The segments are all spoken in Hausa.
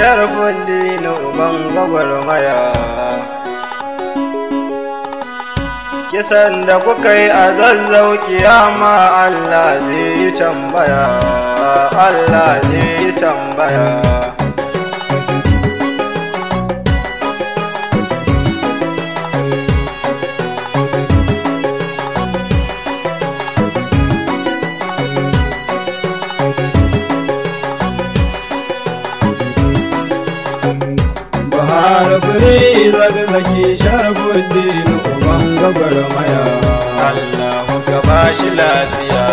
sharafin ban uban gwagwarmaya kisan da kuka yi a zazzau kiyama allah zai yi tambaya allah zai yi tambaya zarzaki sharafuddin uban gwagwarmaya Allah ka bashi lafiya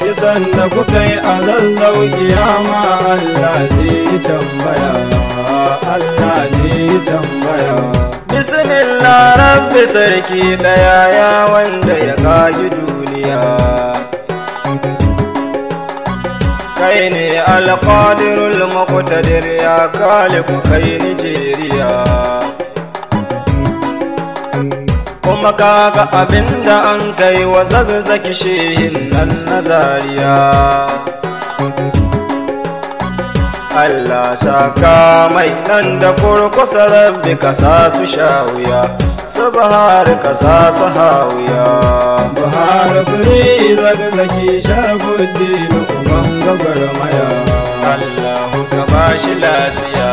kisan da kuka yi a zazzau kiyama Allah zai tambaya Allah zai tambaya Bismillah rabbi sarki daya ya wanda ya kagi duniya kai ne alƙadirul maƙudadir ya kaliku kai Nijeriya. Maka ga abin da an kai wa zazzaki shehin nan na zariya Allah saka mai nan da kurkusa rabbi ka sa su sha wuya su bahar ka sa su hawuya. bahar kuri zazzaki sharafuddin kuma gwagwarmaya Allah ka ba shi lafiya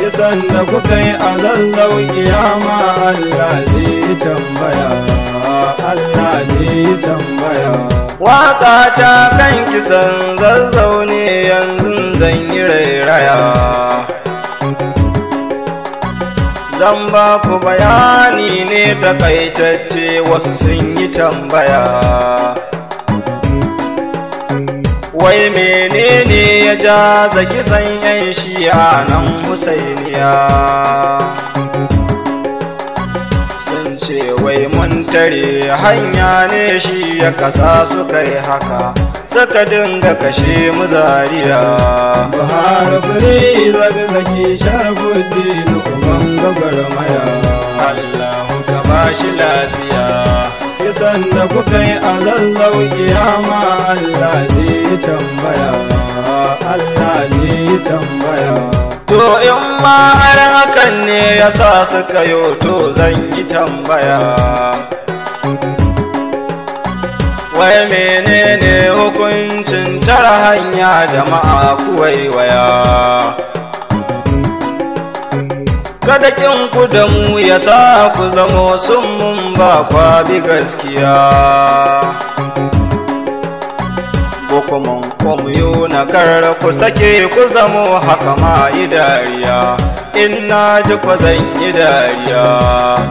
kisan da kuka yi a zazzau kiyama Allah tambaya Allah ne tambaya Waƙa ta kan kisan zazzaune yanzu zan yi rairaya Zan ba ku bayani ne takaitacce wasu sun yi tambaya Wai menene ya ja kisan san yan a nan Husainiya ce wai mun tare hanya ne shi ya kasa su kai haka saka dinga kashe mu zariya buhari fure zagzage na kuma maya allahu ka ba shi lafiya kisan da kuka yi a zallau kiyama Allah ne tambaya Allah ne tambaya to in ma har hakan ne ya sa suka yo to zan yi tambaya wai menene hukuncin tara hanya jama'a kuwai waya kada ƙin ku da ya sa ku zamo sun mun ba kwa bi gaskiya ko Kwamyo na kar ku sake ku zamo haka ma yi dariya, in na ji ku zan yi dariya.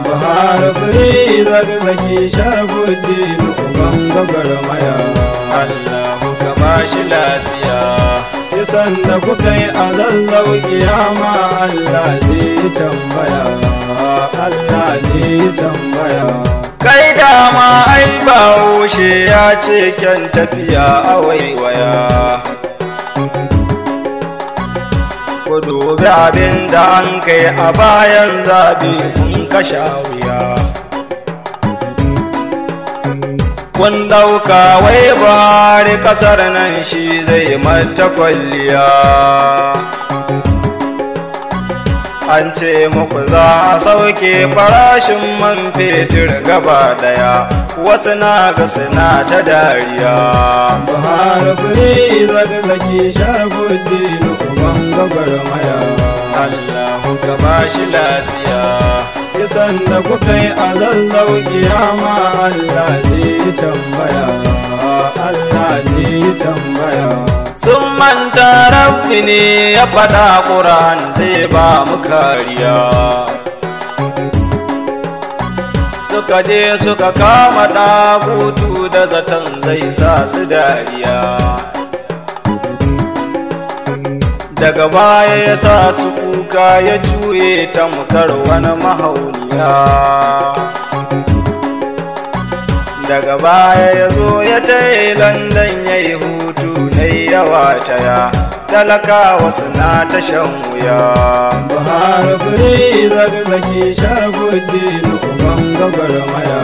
Buhari fure zagzage sharafuddin kuma gabar maya. Allah ka ba shi lafiya. kisan da ku kai a zazzau kiyama Allah zai tambaya Allah zai tambaya kai ma ai ba wushe ya ce kyan tafiya a waiwaya ku dubi abin da an kai a bayan zabi kun kasha wuya kun ɗauka wai bari ƙasar nan shi zai mata kwalliya an ce muku za a sauke farashin man fetur gaba daya wasu na ga suna ta dariya buhari kuri zaki zaki sharafuddin kuban gabar maya allahu ka bashi lafiya kisan da kuka yi a zallau kiyama allah ne tambaya allah ne tambaya sun manta rabbi ne ya faɗa ƙuran zai ba mu kariya suka je suka kama da hutu da zaton zai sa su dariya daga baya ya sa su kuka ya juye tamkar wani mahauniya daga baya ya zo ya ta landan ya yi hu ta yi yawa ta ya talakawa suna ta shan wuya buhari fure Zaki, sharafuddin lukuman gabar maya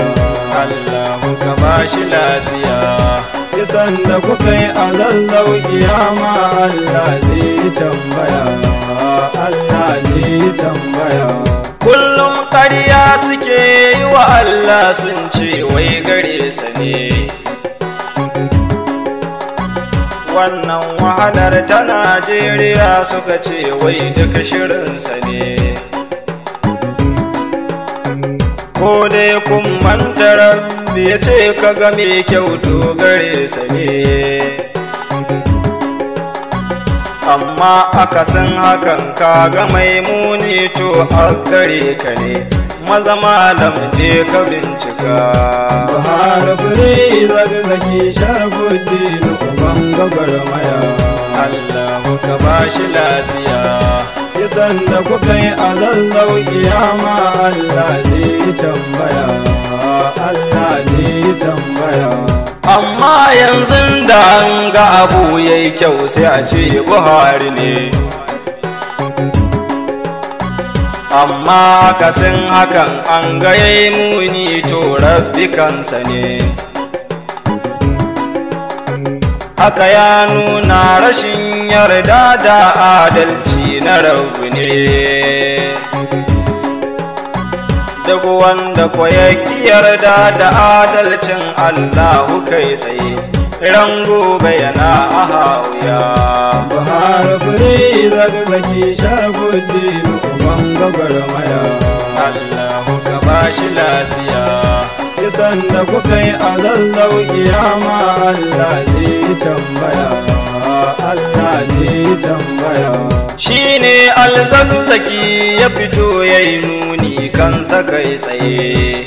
allah ka ba shi lafiya kisan da kuka yi a zallau kiyama Allah ne tambaya Allah ne tambaya kullum ƙarya suke yi wa Allah sun ce wai gare sa ne wannan wahalar ta najeriya suka ce wai duka shirinsa ne ko dai kun mantarar ya ce ka ga mai kyau dogare sa ne amma akasin hakan ka ga mai to a gare ka ne maza malam je ka bincika buhari fure zagzage sharafuddin uban gwagwarmaya Allah ka bashi lafiya kisan da kuka yi a zazzau kiyama allah ne tambaya allah ne tambaya amma yanzu da an ga abu yayi kyau sai a ce buhari ne amma kasin hakan an gaye muni to rabbi kansa ne haka ya nuna rashin yarda da adalci na rabu ne duk wanda kwaya yarda da adalcin allahu kai tsaye rango bayana a hauya buhari fure zagzaki sharafuddin shugaban gagarmaya Allahu ka bashi lafiya kisan da kuka yi a zazzau kiyama Allah zai tambaya Allah zai tambaya shi ne alzanzaki ya fito ya yi nuni kansa kai tsaye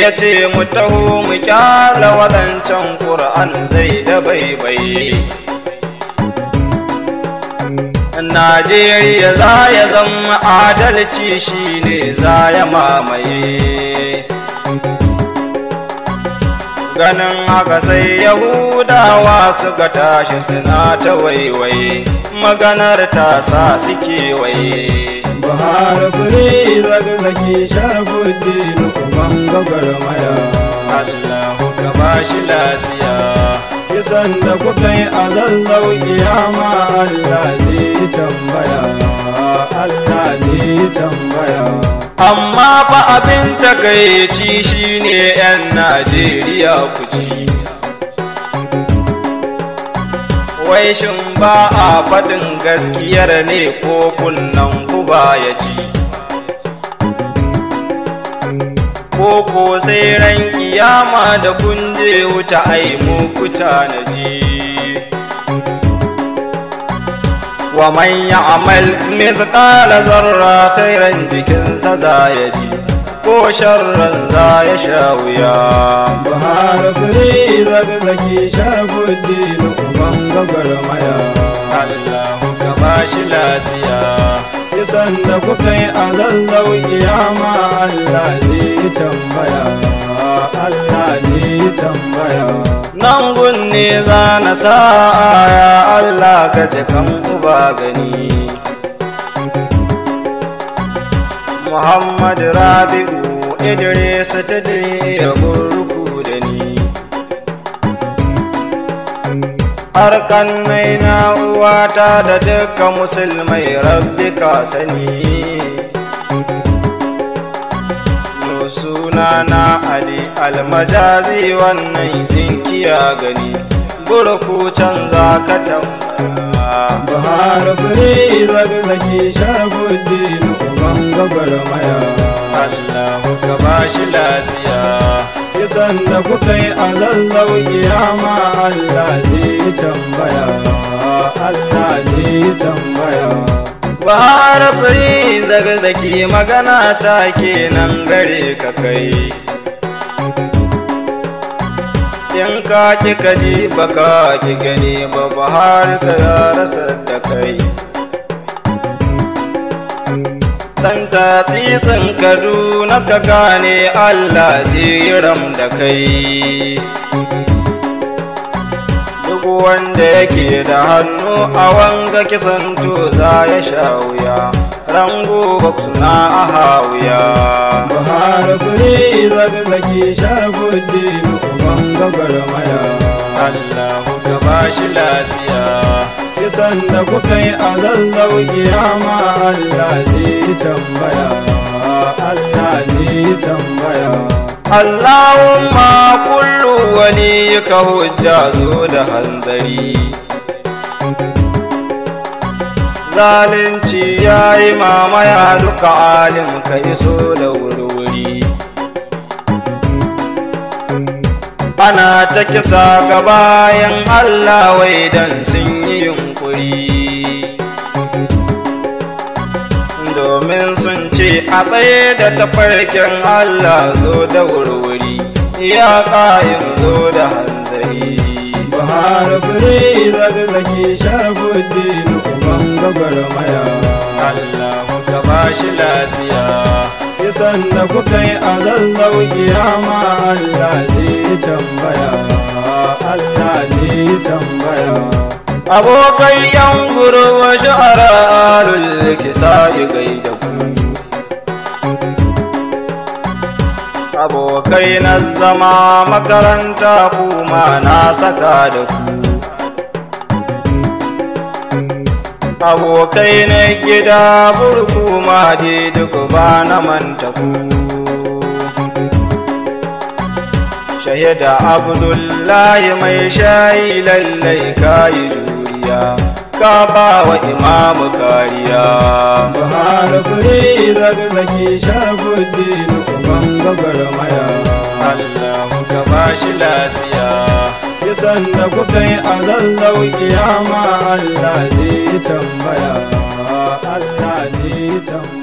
ya ce mu taho mu kyala waɗancan ƙur'an zai da baibaye Najeriya za ya zama adalci shine za ya mamaye. Ganin haka sai Yahudawa suka tashi suna ta waiwaye, maganar tasa suke waye. Buhari fure zagzaki sharafuddin kuma gabar maya. Allah ka bashi lafiya. kisan da kuka yi a zallau kiyama Allah ne tambaya Allah ne tambaya amma fa abin takaici shine 'yan Najeriya ku ci wai shin ba a faɗin gaskiyar ne ko kunnen ku ba ya ji ko ko sai ran kiyama da kunje wuta ai muku ji wa man ya'mal mithqala dharra khairan jikinsa za ya ji ko sharran za ya sha wuya bahar fure zagzage sharfuddin uban gagarmaya Allah ka shi lafiya sanda kuka yi a zallau kiyama Allah ne tambaya Allah ne tambaya nan gunne za na sa ya Allah ka kan uba gani Muhammad Rabi'u Idris ta ya gurgu har kannai na uwata da duka musulmai rabbi ka sani suna na ali almajazi wannan dinkiya gani burku canza ka tambaya bahar fure zagzage sharfuddin uban gabar maya ka bashi lafiya kisan da kuka yi a zallau kiyama Allah zai tambaya Allah zai tambaya Bahar fari daga zaki magana ta kenan gare ka kai In ka ki kaji baka ki gani ba bahar ka rasa da kai dan ta tsisan kaduna ka gane allah tsiram da kai duk wanda yake da hannu a wanga kisan to za ya sha wuya rango ba suna a hawuya buhari kuri zagzagi sharafuddin uban gagarmaya allah ku gaba shi lafiya sanda kuka yi a zazzau kiyama Allah ne tambaya Allah ne tambaya Allahumma kullu wani ka hujja zo da hanzari zalunci ya yi mamaya duka alim ka iso da wuri-wuri ana ta kisa ga bayan Allah wai dan sun yi yunwa a tsaye da tafarkin Allah zo da wurwuri ya ƙayin zo da hanzari. Buhari fure zagzage sharafuddin uban maya. Allah ka ba shi lafiya. Kisan da kuka yi a zazzau kiyama Allah yi tambaya. Allah yi tambaya. abokai yan gurwa sha'ara kisa ya gaida ku abokai na zama makaranta kuma na saka da ku abokai na gida burkuma dai duk ba na manta ku shahida abdullahi mai shayi lallai kayi juriya ka ba wa imamu kariya buhari fure zarzaki sharafuddin uban maya. Allah ka ba shi lafiya kisan da kuka yi a zallau kiyama allah ne tambaya allah ne tambaya